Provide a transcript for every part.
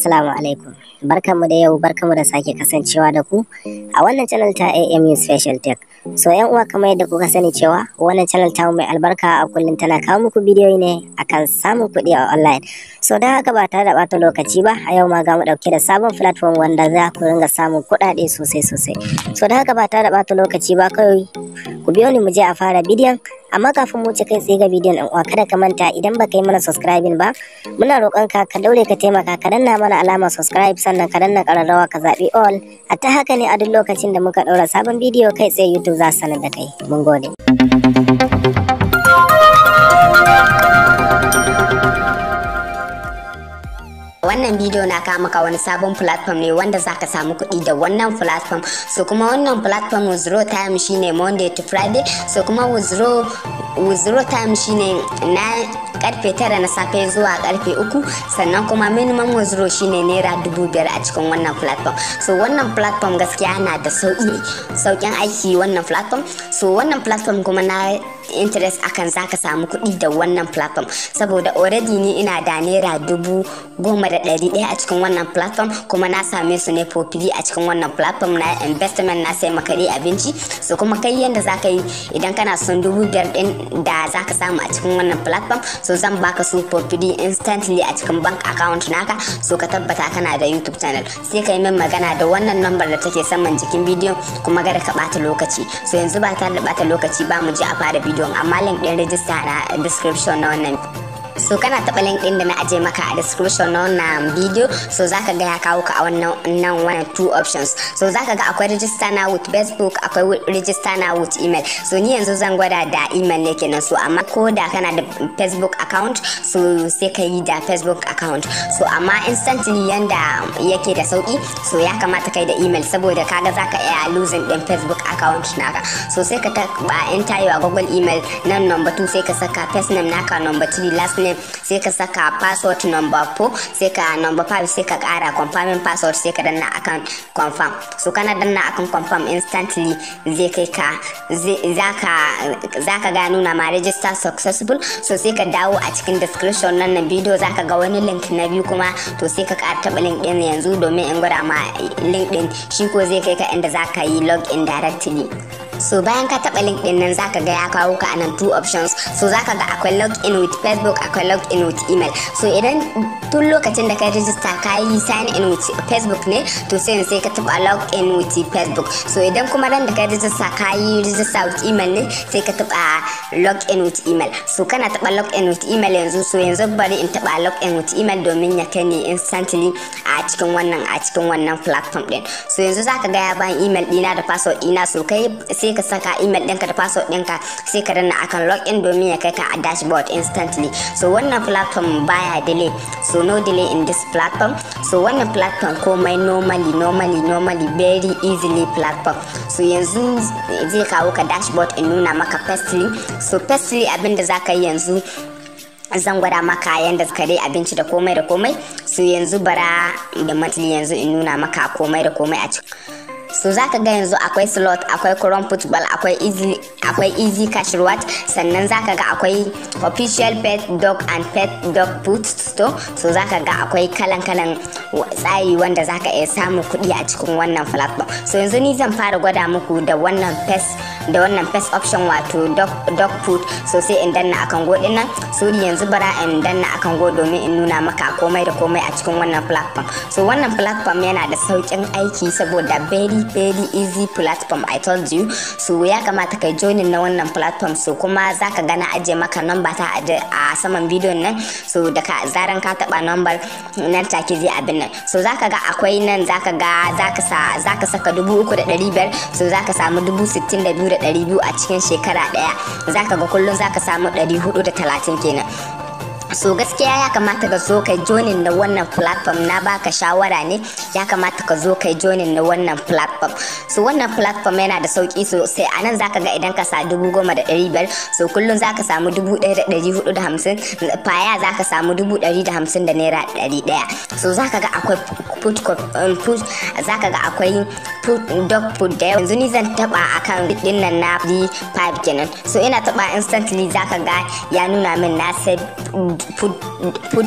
Assalamu alaikum. Barkanmu da yau barkanmu da sake kasancewa da ku a wannan channel ta AMU Special Tech. So yan uwa kamar yadda kuka sani cewa wannan channel ta mai albarka a kullum tana kawo muku bidiyoyi ne akan samun kuɗi a online. So da haka ba tare da bata lokaci ba a yau ma ga mu ɗauke da sabon platform wanda za ku ringa samun kuɗaɗe sosai sosai. So da haka ba tare da bata lokaci ba kawai ku biyo ni mu je a fara bidiyon amma kafin mu wuce kai tsaye ga bidiyon ɗan uwa kada ka manta idan baka yi mana subscribing ba muna roƙon ka ka daure ka taimaka ka danna mana alama subscribe sannan ka danna ƙararrawa ka zaɓi all a ta haka ne a duk lokacin da muka ɗaura sabon bidiyo kai tsaye YouTube za su sanar da kai mun gode. wannan bidiyo na kawo maka wani sabon platform ne wanda zaka samu kuɗi da wannan platform so kuma wannan platform withdraw time shine monday to friday so kuma withdraw withdraw time shine na karfe tara na safe zuwa karfe uku sannan kuma minimum withdraw shine naira dubu biyar a cikin wannan platform so wannan platform gaskiya na da sauƙi sauƙin aiki wannan platform so wannan platform kuma na interest akan zaka samu kuɗi da wannan platform saboda already ni ina da naira dubu goma da ɗari ɗaya a cikin wannan platform kuma na same su ne for a cikin wannan platform na investment na sai makare abinci so kuma kai yanda zaka yi idan kana son dubu biyar ɗin da zaka samu a cikin wannan platform so zan baka su for free instantly a cikin bank account naka so ka tabbata kana da youtube channel sai ka yi min magana da wannan number da take saman jikin bidiyon kuma gara ka ɓata lokaci so yanzu ba ta tare da lokaci ba mu je a fara bidiyon amma link ɗin rijista na description na wannan so kana taɓa link ɗin da na aje maka a description na wannan video so zaka ga ya kawo ka a wannan nan wannan two options so zaka ga akwai register na with facebook akwai register na with email so ni yanzu zan gwada da email ne kenan so amma ko da kana da facebook account so sai ka yi da facebook account so amma instantly yanda yake da sauki so ya kamata kai da email saboda kaga zaka iya losing din facebook account naka so sai ka ta ba tayo a google email nan number 2 sai ka saka first name naka number 3 last name email sai ka saka password number 4 sai ka number 5 sai ka kara confirming password sai ka danna akan confirm so kana danna akan confirm instantly zai kai ka za ka gano nuna ma register successful so sai ka dawo a cikin description nan na bidiyo za ka ga wani link na biyu kuma to sai ka kara taba link din yanzu domin in gwada ma link din shi ko zai kai ka inda za ka yi log in directly so bayan ka taba link din nan zaka ga ya kawo ka anan two options so zaka ga akwai log in with facebook akwai log in with email so idan tun lokacin da ka register ka yi sign in with facebook ne to sai sai ka taba log in with facebook so idan kuma dan da ka register ka yi register with email ne sai ka taba log in with email so kana taba log in with email yanzu so yanzu bari in taba log in with email domin ya kai ni instantly a cikin wannan a cikin wannan platform din so yanzu zaka ga ya bani email dina da password dina so kai sai sai ka saka email ɗinka da password ɗinka sai ka danna akan login domin ya kai ka a dashboard instantly so wannan platform baya delay so no delay in this platform so wannan platform komai normally normally normally very easily platform so yanzu zai kawo ka dashboard in nuna maka pastry so pastry abinda za ka yi yanzu zan gwada maka yadda suka dai abinci da komai da komai su yanzu bara da matsali yanzu in nuna maka komai da komai a cikin so za ka ga yanzu akwai slot akwai crown football akwai easy akwai easy cash reward sannan za ka ga akwai official pet dog and pet dog food store so za ka ga akwai kalan kalan tsayi wanda za ka iya samun kuɗi a cikin wannan platform so yanzu ni zan fara gwada muku da wannan pet da wannan first option wato dog food so sai in danna akan go dinnan so yanzu bara in danna akan go domin in nuna maka komai da komai a cikin wannan platform so wannan platform yana da saukin aiki saboda very very easy platform i told you so ya kamata kai joinin na wannan platform so kuma zaka gana aje maka number ta a saman bidiyon nan so daga zaran ka taba number nan take zai abin nan so zaka ga akwai nan zaka ga zaka sa zaka saka 3500 so zaka samu da. 200 a cikin shekara daya zaka ga kullum zaka samu 430 kenan so gaskiya ya kamata ka zo kai joinin da wannan platform na baka shawara ne ya kamata ka zo kai joinin da wannan platform so wannan platform yana da sauki sosai a nan zaka ga idan ka sa dubu goma da ɗari biyar so kullum zaka samu dubu ɗaya da ɗari hudu da hamsin faya zaka samu dubu ɗari da hamsin da naira ɗari ɗaya so zaka ga akwai put um, zaka ga akwai food dog food da yanzu ni zan taba akan din nan na di five kenan so ina taba instantly zaka ga ya nuna min na sai food food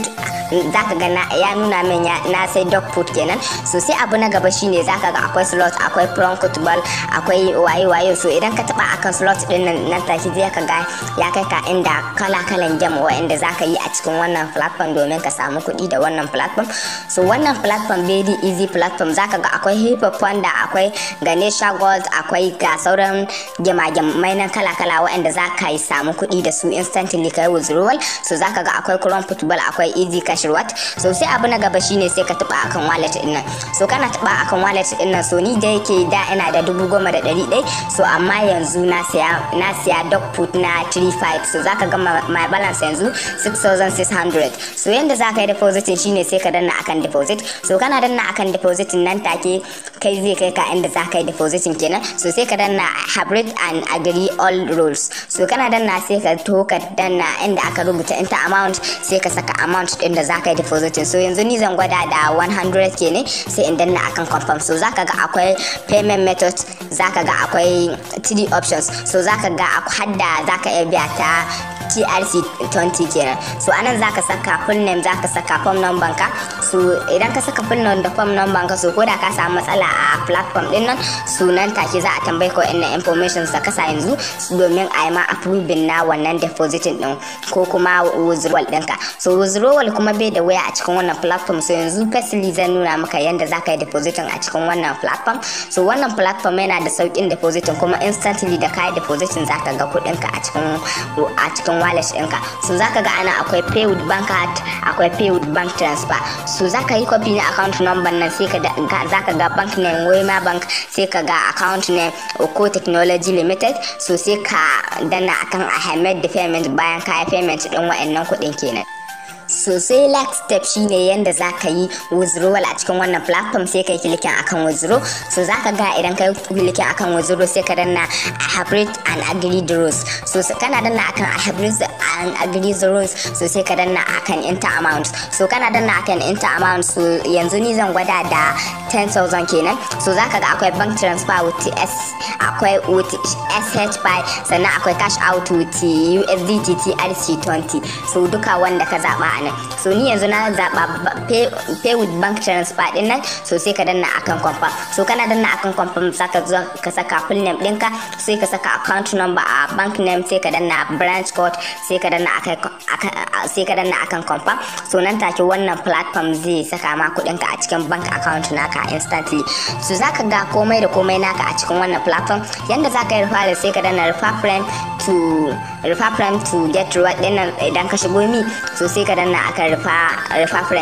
zaka ga ya nuna min na sai dog food kenan so sai abu na gaba shine zaka ga akwai slot akwai prawn football akwai waye waye so idan ka taba akan slot din nan nan take zai ka ga ya kai ka inda kala kalan game wa'anda zaka yi a cikin wannan platform domin ka samu kuɗi da wannan platform so wannan platform very easy platform zaka ga akwai hip hop wanda akwai ganesha gold akwai ga sauran gyamai nan kala-kala waɗanda za ka yi samu kuɗi da su instantly kai withdrawal so za ka ga akwai chrome football akwai easy cash reward so sai abu na gaba shine sai ka taba akan wallet din nan so kana tuba akan wallet din nan so ni da yake da ina da dubu goma da ɗari ɗai so amma yanzu na siya na siya dog put na 35 so za ka ga my balance yanzu 6600 so yanda za ka yi depositin shine sai ka danna akan deposit so kana danna akan deposit nan take kai zai kai ka inda za ka yi depositing kenan so sai ka danna hybrid and agree all rules so kana danna sai ka to ka danna inda aka rubuta inter amount sai ka saka amount din da za ka yi depositing so yanzu ni zan gwada da 100 ke ne sai in danna akan confirm so za ka ga akwai payment method za ka ga akwai three options so za ka ga har da za ka iya biya ta TRC 20 kenan so anan zaka saka full name zaka saka form number ka su idan ka saka nan da form ban ka so ko da ka samu matsala a platform din nan sunan take za a tambaye ko inna information sa kasa yanzu domin a yi ma approving na wannan depositing din ko kuma withdrawal dinka so withdrawal kuma bai da waya a cikin wannan platform so yanzu facility zan nuna maka yadda za ka yi depositing a cikin wannan platform so wannan platform yana da saukin depositing kuma instantly da ka yi depositing za ka ga kuɗinka a cikin a cikin wallet dinka so za ka ga ana akwai pay with bank card akwai pay with bank transfer so so za ka yi copy na account number nan sai ka za ka ga bank name ma bank sai ka ga account name oko technology limited so sai ka dana akan ahmed da payment bayan ka payment din wa'annan kuɗin kenan so sai last step shine yanda za ka yi withdrawal a cikin wannan platform sai kai yi kilikin akan withdraw so za ka ga idan kai yi kilikin akan withdraw sai ka danna hybrid and agree the rules so kana danna akan hybrid and agree the rules so sai ka danna akan enter amount so kana danna akan enter amount so yanzu ni zan gwada da 10000 kenan so za ka ga akwai bank transfer with s akwai with by sannan akwai cash out with usdt trc 20 so duka wanda ka zaba a nan so ni yanzu na zaba pay with bank transfer din nan so sai ka danna akan kwamfa so kana danna akan kwamfa saka zo ka saka full name ɗinka sai ka saka account number a bank name sai ka danna branch code sai ka danna akan sai ka danna akan kwamfa so nan take wannan platform zai saka ma kuɗinka a cikin bank account naka instantly so zaka ga komai da komai naka a cikin wannan platform yanda zaka yi rufa sai ka danna rufa friend to rufa prime to get ruwa din idan ka shigo mi so sai ka danna akan rufa rufa